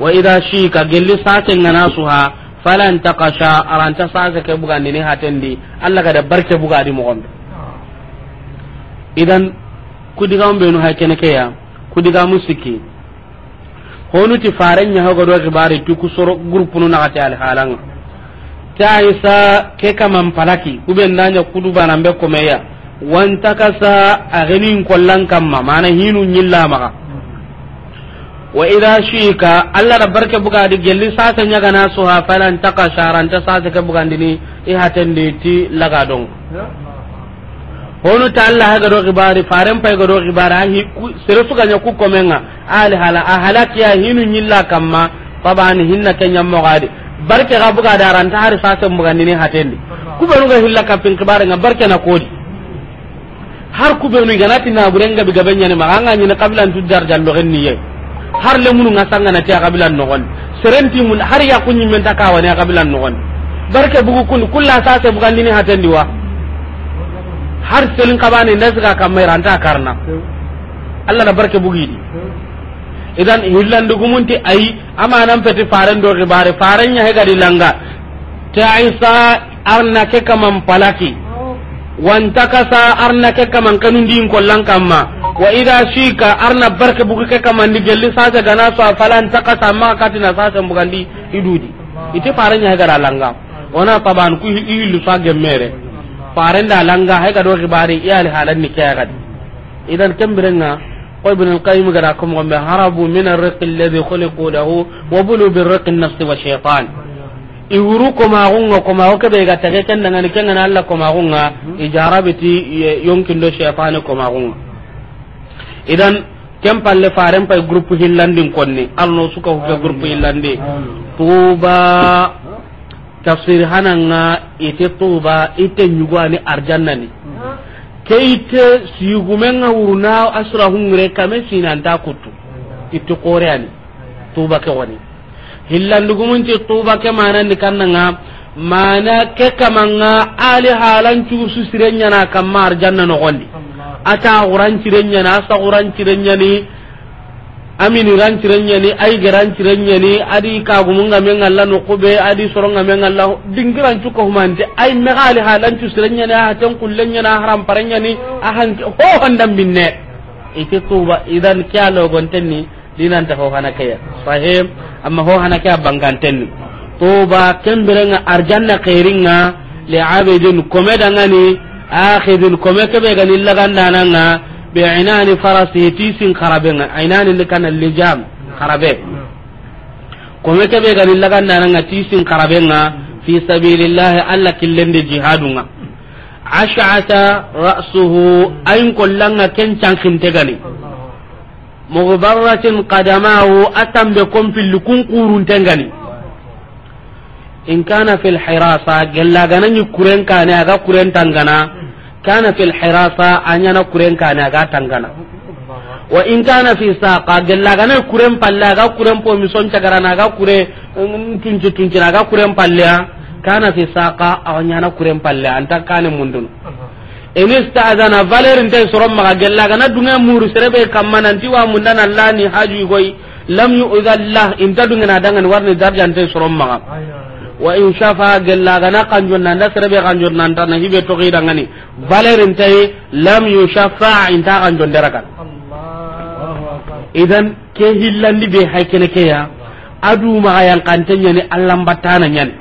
wa idha ka gelli sasa ngana suha fala intaqasha aranta sasa ke bugandi ne di Allah ga da barke buga di gombe idan ku kudigam be no hakene ke ya ku diga mun honu ti faran ya hago do gibari tu ku soro groupe nu no ta al halan ta isa ke kaman palaki ku ben nanya kudu bana be meya wantakasa agenin kollan kamma mana hinu nyilla maga wa idha shika allah da barke buga di gelli satan nyaga na suha falan ta sharan ta sasa ka buga ndini i de ti laga don honu ta allah ga do gibari faren pay ga do gibara hi sere suga nya ku komenga ali hala ahalaki ya hinu nyilla kamma taban hinna kenya mogadi barke ga buga daran ta har sasa buga ndini ku kubenu ga hilla kapin kibara nga barke na kodi har kubenu iganati naburenga bigabenyani maganga ñini kabilantu ye har na nga sanganati a kabilan serenti mun har yaku ñimmenta kawani a kabilan noxon barke bugu kun kulla sase bugandini hatendi diwa har selin kabane nda siga kammayra ranta karna allah na barke ni idan hillandugumunti ayi amanan fati faran do ya he gadi langa isa arna ke kaman palaki wanta kasa arna ke kaman kanun din kollan kamma wa idha shika arna barke bugu ke kaman di gelli saja gana so falan takasa ma katina saja bugandi idudi ite faranya gara langa ona taban ku ilu sage mere da langa hay ga do gibari iyal halan ni kaya gadi idan kambirenga ko ibn al-qayyim gara kuma harabu min ar-riqi alladhi khuliqu lahu wa bulu bir-riqi an-nafs wa shaytan iwuru komaxunga komaxo keɓe ga tage ken dangani kengana allah komaxunga mhm. ijarabiti yonkindo chefane komaxunga idan ken palle faren pay e groupe hillandin konni arno suka huke groupe hillandi tuba tafsir hananga ite tuba ite nyugwani arjannani ke ite sigumenga wuruna asra hungre kame sinanta kutu itti qoreani tuba ke woni hillandugumunti tuba ke kan kannanga mana ke kamanga ali halan na kamar janna no nogondi ata quran a ni amini ni ay ni adi Allah no kube adi dingiran cu ko humante ay me ali tan kullenya na haram parenya ni ahan a handam binne ite tuba idan kya lo logonten ni dinan ta ho hana kaya sahib amma ho hana kaya banganten to ba kembirenga arjanna khairinga li abidin komeda ngani akhidin kome be ga nilla gandana na be inani farasi tisin kharabenga inani likana lijam kharabe kome be ga nilla gandana na tisin kharabenga fi sabilillahi alla killende jihadunga ash'ata ra'suhu ayin kollanga kencang khinte qadamaa qadamahu atambe kompilli kun quruntengani in kana fil hirasa gellagana ni kuren kane aga kuren tangana kana fil hirasa anyana kuren kane aga tangana wa in kana fi saqa gellagana kuren palla aga kuren po mison cagarana aga kure mm, tunci tunci aga kuren palla kana fi saqa anyana kuren palla anta kane mundun enis ta'zana valer tay sorom maga gella kana dunga muru serebe kamma nanti wa mun dana lani haju goy lam yu'dhallah inta dunga na ni warni darja tay sorom maga wa in shafa gella kana kanjon na nda serebe kanjon na da na hibe to gida ngani valer tay lam shafa inta kanjon darakan idan ke hillandi be haykene ke ya adu ma yan kantenya ni allah batana nyani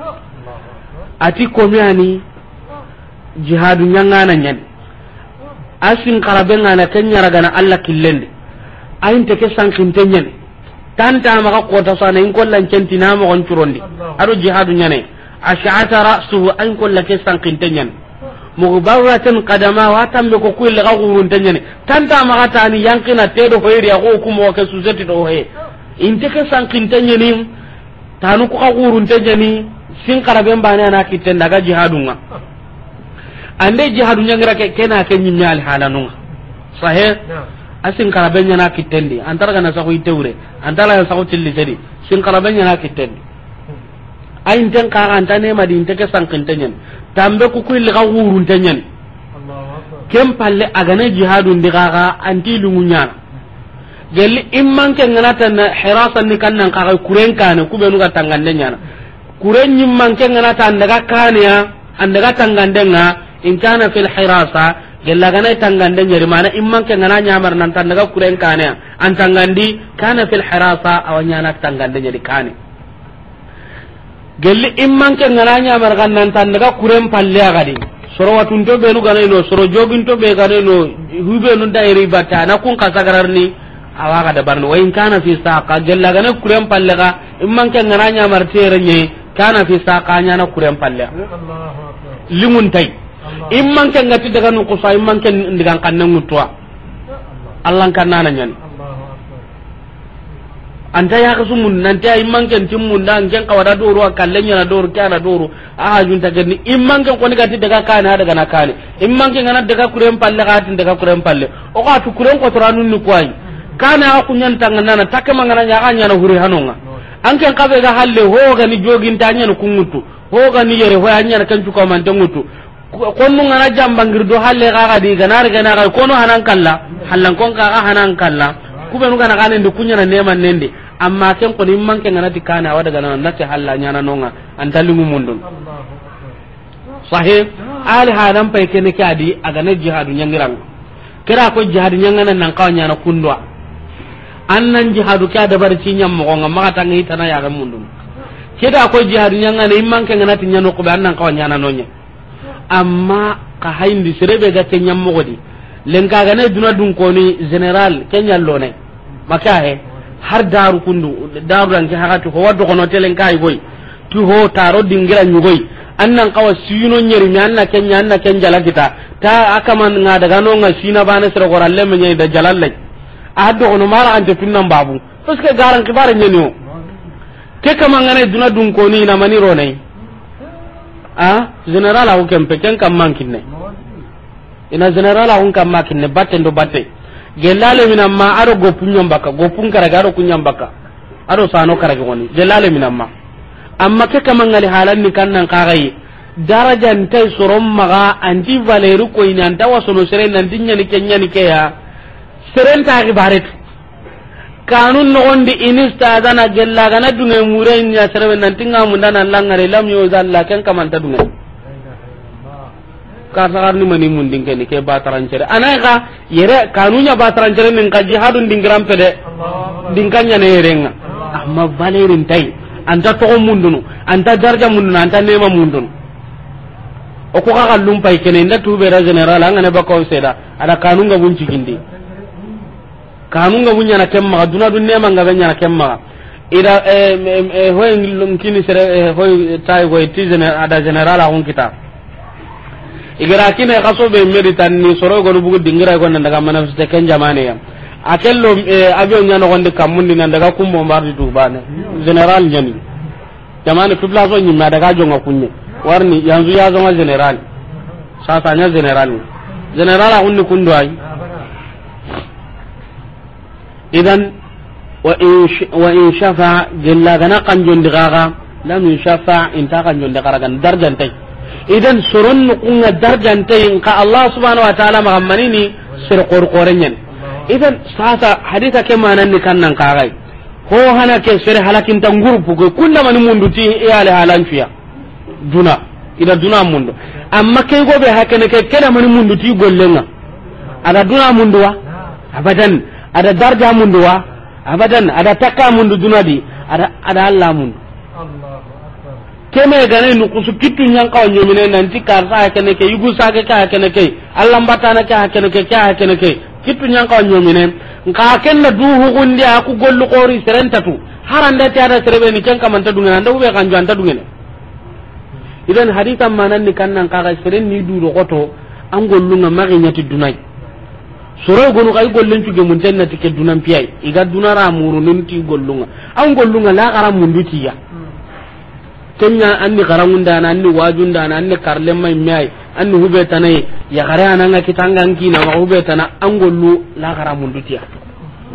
ati komiani jihadu nyangana nyen asin karabe na kenyara gana alla killendi ayin te ke sankin tenyen tanta maka kota sana in kollan centi na mo gonchurondi aro jihadu nyane ash'ata ra'suhu ayin kolla ke sankin tenyen mughbaratan qadama wa tambe ko kuille ga gurun tenyen tanta maka tani yankina tedo hoyri ya ko kuma ke suzeti do he in teke ke sankin tenyen tanu ko ga gurun tenyen sin karaben bana na kitten daga nga ande jihadu nyangira ke kena ke nyimme al halanu sahe asin karabenya na kitendi antara kana sa kuite ure antara kana sa kutilli jadi sin karabenya na kitendi hmm. ay tan ka kan tane ma ke take sankintenyen tambe ku kuil ga wurun tenyen kem palle agane jihadu ndigaga anti lungunya gelli imman ke ngana tan hirasan ni kannan ka kuren kana kubenu ga tangandenya kuren nyimman ke ngana tan daga ya andaga tangandenga in kana fil hirasa gella gana tangande nyari mana imman ke ngana nyamar nan tan daga kuren kana an tangandi kana fil hirasa awanya nak tangande nyari kane gelli imman ke ngana nyamar kan nan tan daga kuren palle agadi soro watun to be nu gana no soro jogin to be gana no hube nu dairi bata na kun ka ni. awa ga dabarni no in kana fi saqa gella gana kuren palle ga imman ke ngana nyamar tere nye kana fi saqa nyana kuren palle limun tay imman ke ngati daga nu kusa imman ken ndigan kannan mutwa allah kan nana nyani anta ya kasu mun nan ta imman ke tin mun dan ken kawada doro akallenya na doro kana doro a hajun ta gani imman ke ko ngati daga kana daga na kana imman ke ngana daga kuren palle ka tin daga kuren palle o ka tu kuren ko toranun ni kwai kana ku nyanta ngana takama ngana nya anya na huri hanonga an ka kabe ga halle ho ga ni jogin tanya no kungutu ho ga ni yere ho anya kan cuka man tangutu konnu ngana jambangir do halle ga ga diga nar ga na ga kono hanan kalla hallan kon ka ga hanan kalla ku kube nu kana kanen de kunya na neman nende amma ken ko nimman ken ngana dikana wada ga na nati halla nyana nonga antalingu mundun sahih ali hanan pay ken ke adi aga ne jihadu nyangiran kira ko jihadu nyangana nan kawnya na kundwa annan jihadu ka da barci nyam mo nga maka tangi tana ya ga mundun kida ko jihadu nyangana imman ken ngana tinya no ko be annan kawnya na nonya amma ka hayndi serebe ga ke ñammogodi lenkagane duna dun koni general ke ñallone maka he har daru kundu daru danke hakati howa dogonote lenkayi goy ti ho taro dingira ñugoy annan kawa sino nyeri mi anna kenya anna ken jala kita ta akaman nga daga no nga sina bana sira gora lemme nyi da jalal lay addo ono mara ante tunnan babu parce que garan kibare nyeni o ke kama ngane duna dun ko ni na mani ronai a ah, general awu kempe ken kam mankinne ina general awu kam makinne batte ndo batte gelale minan ma aro gopun nyambaka gopun garo aro kunyambaka aro sano karaga woni gelale minan ma amma ke ngali halan ni kan nan kagai daraja ntai soron maga anti valeru ko ina ndawa sono sere nan dinya ni kenya ni ke ya seren ta gibaretu kanun nogondi ini stagana gellagana dunge mure nya serebe nanti ngamundana langare lam yo zalla ken kamanta dunge kasagarni mani mundin keni ke batarancere anai ka yere kanunya batarancere nin ka jihadun dingiran pede dinkanya ne yerenga amma valerin tai anta togo mundunu anta darja mundunu anta nema mundunu o ko ka kallum pai kene nda tubera general angane bakaw seda ada kanunga bunci gindi kanunga na kemma duna dun nema nga na kemma ida eh, eh, hoy ngini sere eh, hoy tay hoy tizene ada general a kita igara kine kaso be meditan ni soro go bugu dingira go nan daga manas te ken jamane ya akello nya no gonde kamundi nan daga kumbo mbardi dubane general jani jamane kibla so ma daga jonga kunye warni yanzu ya zama general sa nya general general a hunni kundu ai idan wa in shafa gella gana kanjondi lam yushafa inta kanjondi karagan darjantai idan soron nukunga darjantai ka allah subhanahu wa ta'ala magamanini sir qorqorenyen idan sasa hadita ke mananni kannan kagai ho hana ke mani mundu ida duna mundu amma kai ke kada mani mundu ada duna mundu wa abadan ada darja mundu wa abadan ada takka mundu dunadi ada ada Allah mundu keme gane nu kusu kitu nyang kaw nyemine nanti kar sa kene ke yugu sa ke ka kene ke Allah batana ka kene ke ka kene ke kitu nyang kaw nyemine nka na du hugundi aku gollu qori serentatu haranda ti ada serebe ni kenka manta dungena nda ube kan janta ne idan hadita manan ni kannan kaga seren ni du do goto an magi nyati dunai soro gonu kay gollen cuge mun tenna tike dunan piyai iga dunara muru nun ti gollunga an gollunga la gara mun dutiya kenya anni mun dana anni wajun dana anni karle mai mai anni hube tanai ya gare ananga kitanga kina ma hube tana an gollu la gara mun dutiya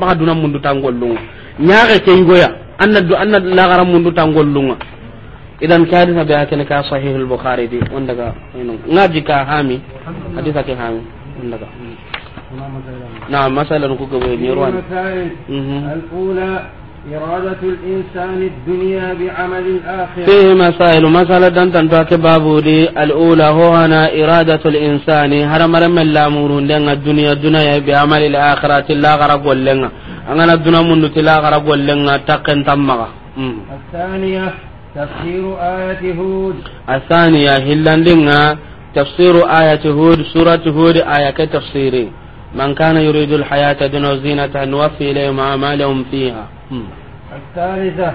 maka dunan mun dutan gollunga nyaage ke ngoya anna du anna la gara mun dutan gollunga idan kadi na biya kana ka sahihul bukhari di wanda ga ngaji ka hami hadisa ke hami wanda ga نعم مثلا كوكب نيروان الأولى إرادة الإنسان الدنيا بعمل الآخرة فيه مسائل مسألة دانتان باك بابودي الأولى هو أنا إرادة الإنسان هرم رم اللامورون لنا الدنيا الدنيا بعمل الآخرة لا غرق ولنا أنا الدنيا من لا غرق ولنا تقن تمغا الثانية تفسير آية هود الثانية هلان لنا تفسير آية هود سورة هود آية كتفسيري من كان يريد الحياة دون زينة نوفي إليهم أعمالهم فيها الثالثة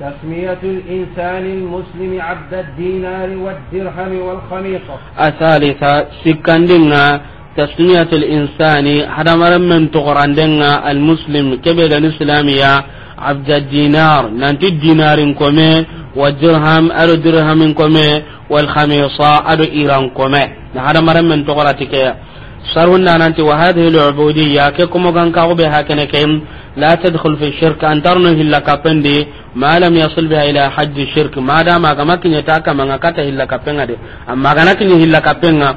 تسمية الإنسان المسلم عبد الدينار والدرهم والخميصة الثالثة سكندنا تسمية الإنسان حرمر من تغرندنا المسلم كبير الإسلامية عبد الدينار نانتي الدينار كومي والدرهم أرو درهم كومي والخميصة أرو إيران كومي هذا مرمن تقراتك sarun da nanti wa hadhihi al-ubudiyya ke kuma gan ka ube hakene ke la tadkhul fi shirk an tarnu illa ka pendi ma lam yasil biha ila hajj shirk ma da ma ga makin ta ka manga kata illa ka penga de amma ga nakin illa ka penga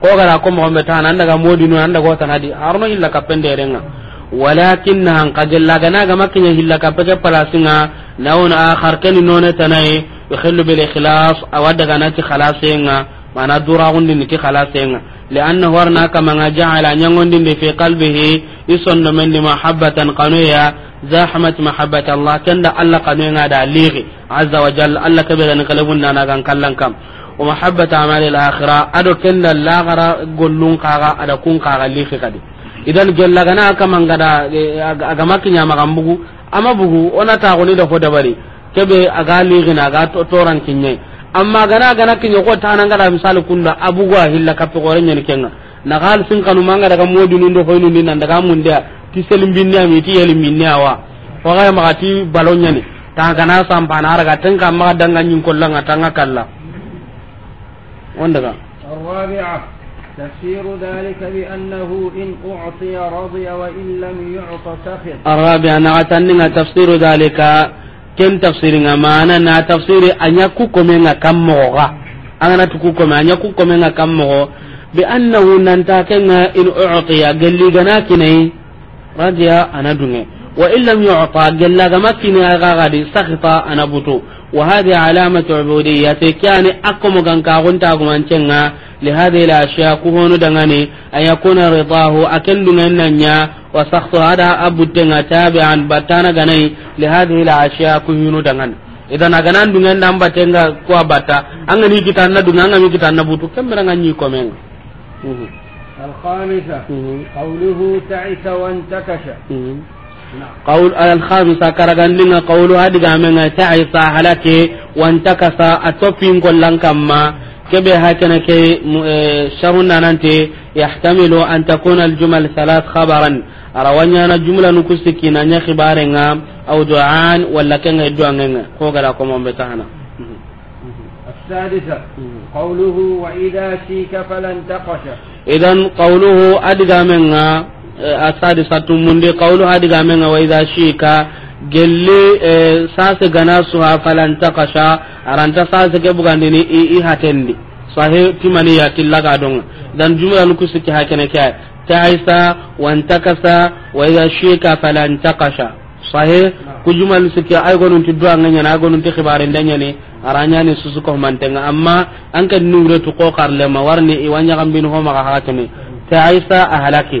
ko ga ra kuma ombe ta nan daga modi nu nan daga tan arno arnu illa ka pende renga walakin an qajalla ga na ga makin illa ka pege palasinga nawna akhar ken nona tanai yakhillu bil ikhlas awada ga nati khalasinga mana duragundini ti halasenga liannahu arna kamanga jaala ni fi qalbihi men ni mahabatan kanoya zahmat mahabbat allah kanda allah qanuya da liixi aza wajal allah na kalebunnanagan kallan kam wa mahabbat amali lakhira ado la gara gollun kaga ada kun kaga liixi kadi idan gellagana agama kinya bugu ama bugu onataxuni da fo dabari na aga liixina toran torankiñayi amma gana gana kinyo ko tanan gara misali kunda gwa hilla kappe gore nyen kenga na gal sun kanu manga daga modu nun do hoynu din nan daga mun dia ti selim bin niami ti yelim min niawa wa ga ma ti balonya ni ta gana sampa na raga tanga ma danga nyin kollanga tanga kala wanda ga الرابعة تفسير ذلك بأنه إن أعطي رضي وإن لم يعط سخط الرابع نعتنى تفسير ذلك ken tafsiri nga mana na tafsiri anya ku kome nga kammo ga tu ku kome anya ku kome nga kammo bi annahu nanta kenga in u'tiya galli gana kinai radiya ana dunge wa illam yu'ta galla ga makini ga ga di sakhta ana butu wa hadhihi alamatu ubudiyyati kani akomo ganka gunta gumancenga li hadhihi la ashiya ku hono dangane ayakuna ridahu akendu nanya wa sakhtu hada abutenga tabi'an batana ganai li hadhihi la ashiya ku hinu dangane idan agana dungen dan batenga ko abata angani kitanna dunanga mi kitanna butu kamera nganyi komen الخامسة قوله تعس وانتكش قول الخامسة كرغندنا قولها دقامنا تعيسى هلكي وانتكسى اتوفين كلن كما كبه هكذا كي شرنا ننتي يحتمل ان تكون الجمل ثلاث خبرا انا جملة نكسكينا نخبارنا او دعان ولا كان يدعان كوغرا كومون بتاعنا السادسة قوله واذا سيك فلن تقش اذا قوله أدقى منها Eh, asadi satu munde qawlu hadi game nga waiza shika gelle eh, sase gana su ha falanta kasha aranta sase ke ni i i hatendi sahe timani ya tillaga don dan jumla nuku siki hakene kya ta'isa wantakasa waiza shika falanta kasha sahe ku jumal siki ay gonun ti duwa nganya na gonun ti khibare ndanya ni aranya ni susu ko mantenga amma an kan nure to ko karle ma warni i wanya gambin ho ma ha hatene hmm. ta'isa ahlaki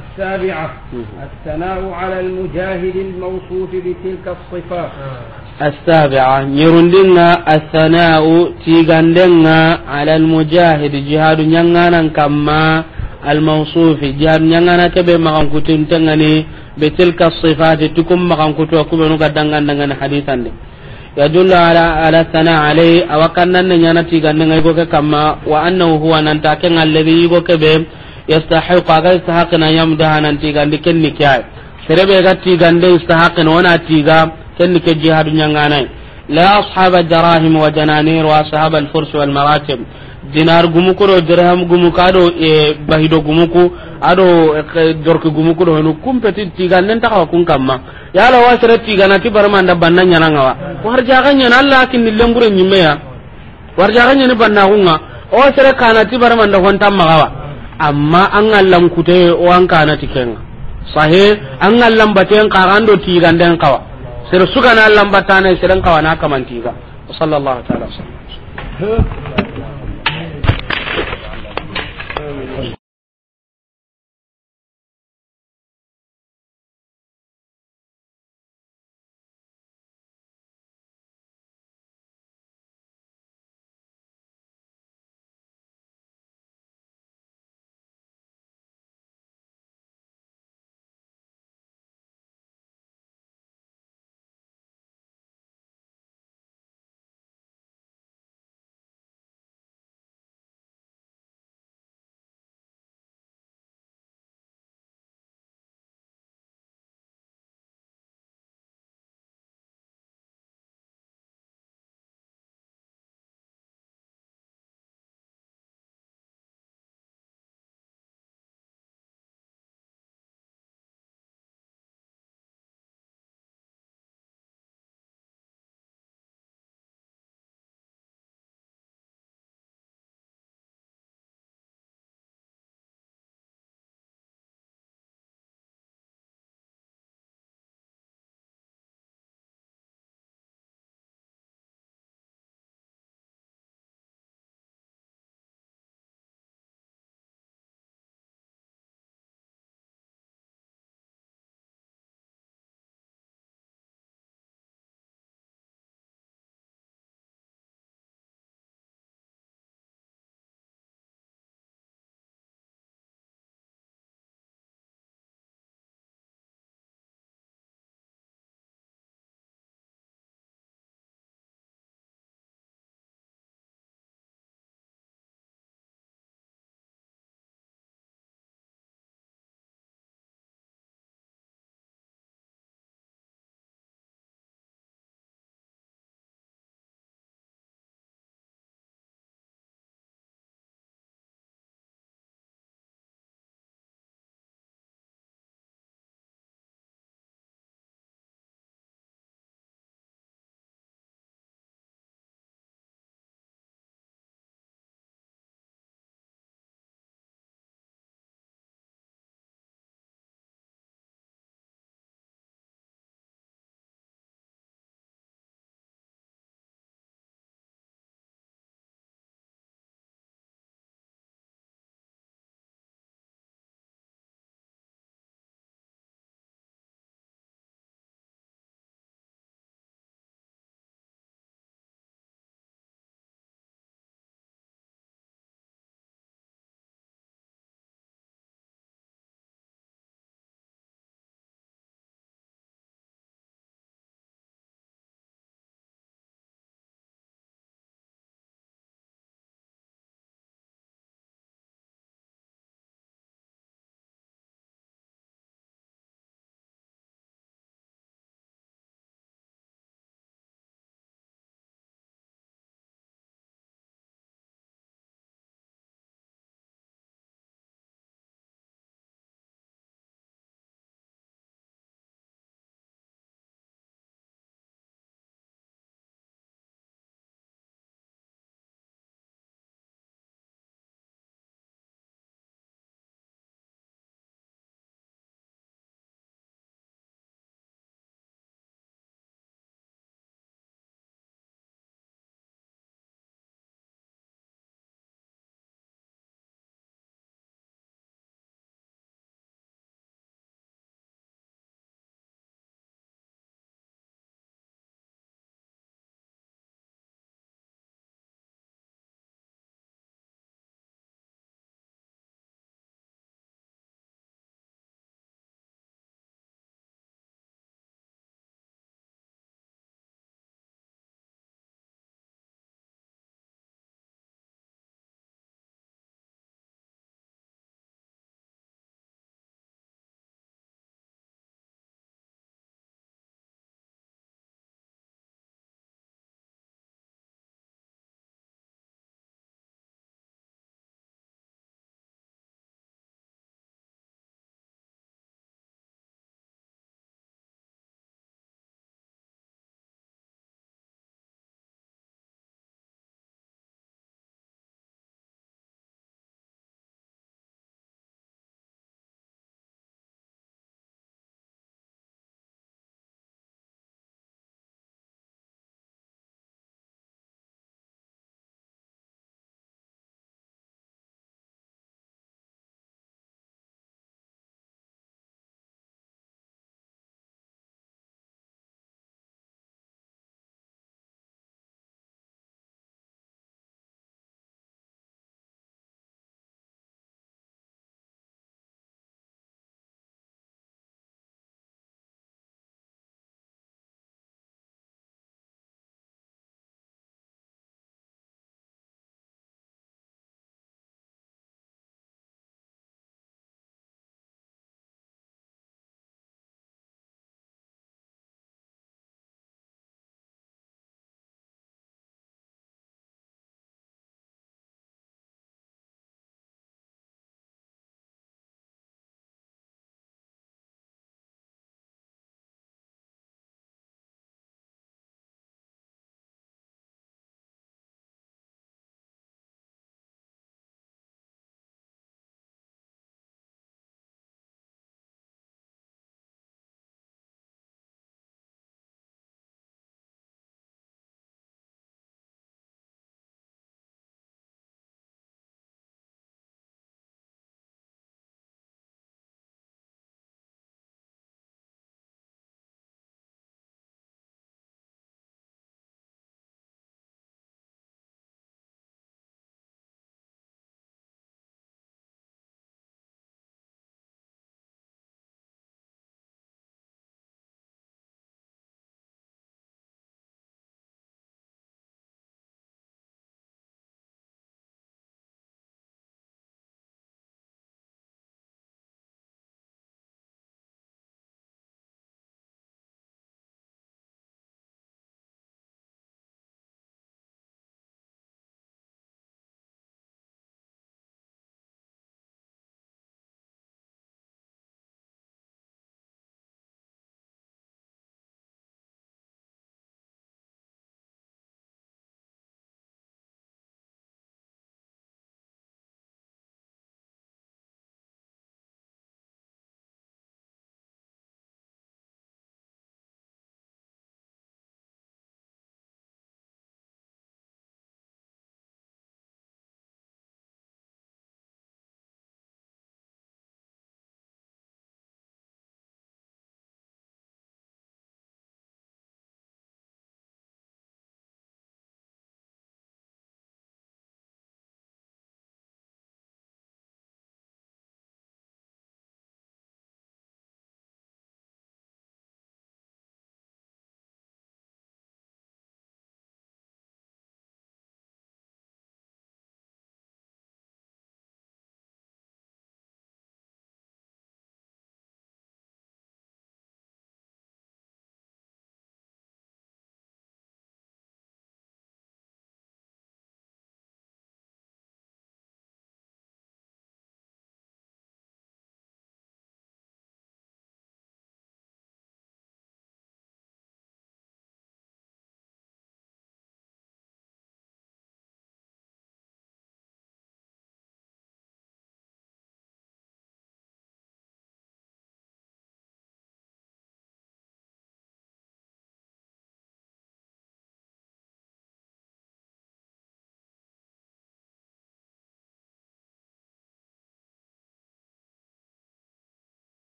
السابعة الثناء على المجاهد الموصوف بتلك الصفات آه. السابعة يرندنا الثناء تيغندنا على المجاهد جهاد نيانا كما الموصوف جهاد نيانا كبه مغان تنغني بتلك الصفات تكم مغان كتوا كبنو قدنغن حديثا يدل على على الثناء عليه وكان نيانا تيغندنا يقول كما وأنه هو ننتاكن الذي يقول به yastahiqu aga istahaqina yamdahanan tigandi kenni ke ay serebe ga tigande istahaqina wona tiga kenni ke jihadu ñanganay la ashaba darahim wa jananir wa ashaba dinar gumuku do dirham gumuku aɗo bahido gumuku ado dorki gumuku ɗo henu kum peti tiganden taxawa kun kamma yala wa sere tiganati baramanda banna ñanangawa warjaxa ñana alla kinni lembure ñimmeya warjaxa ñani bannaxunga o sere kanati baramanda hontan maxawa amma an allan kute o an kana tiken sahe an allan baten qarando tiganden kawa sir suka na allan batana siran kawa na kamantiga sallallahu ta'ala wasallam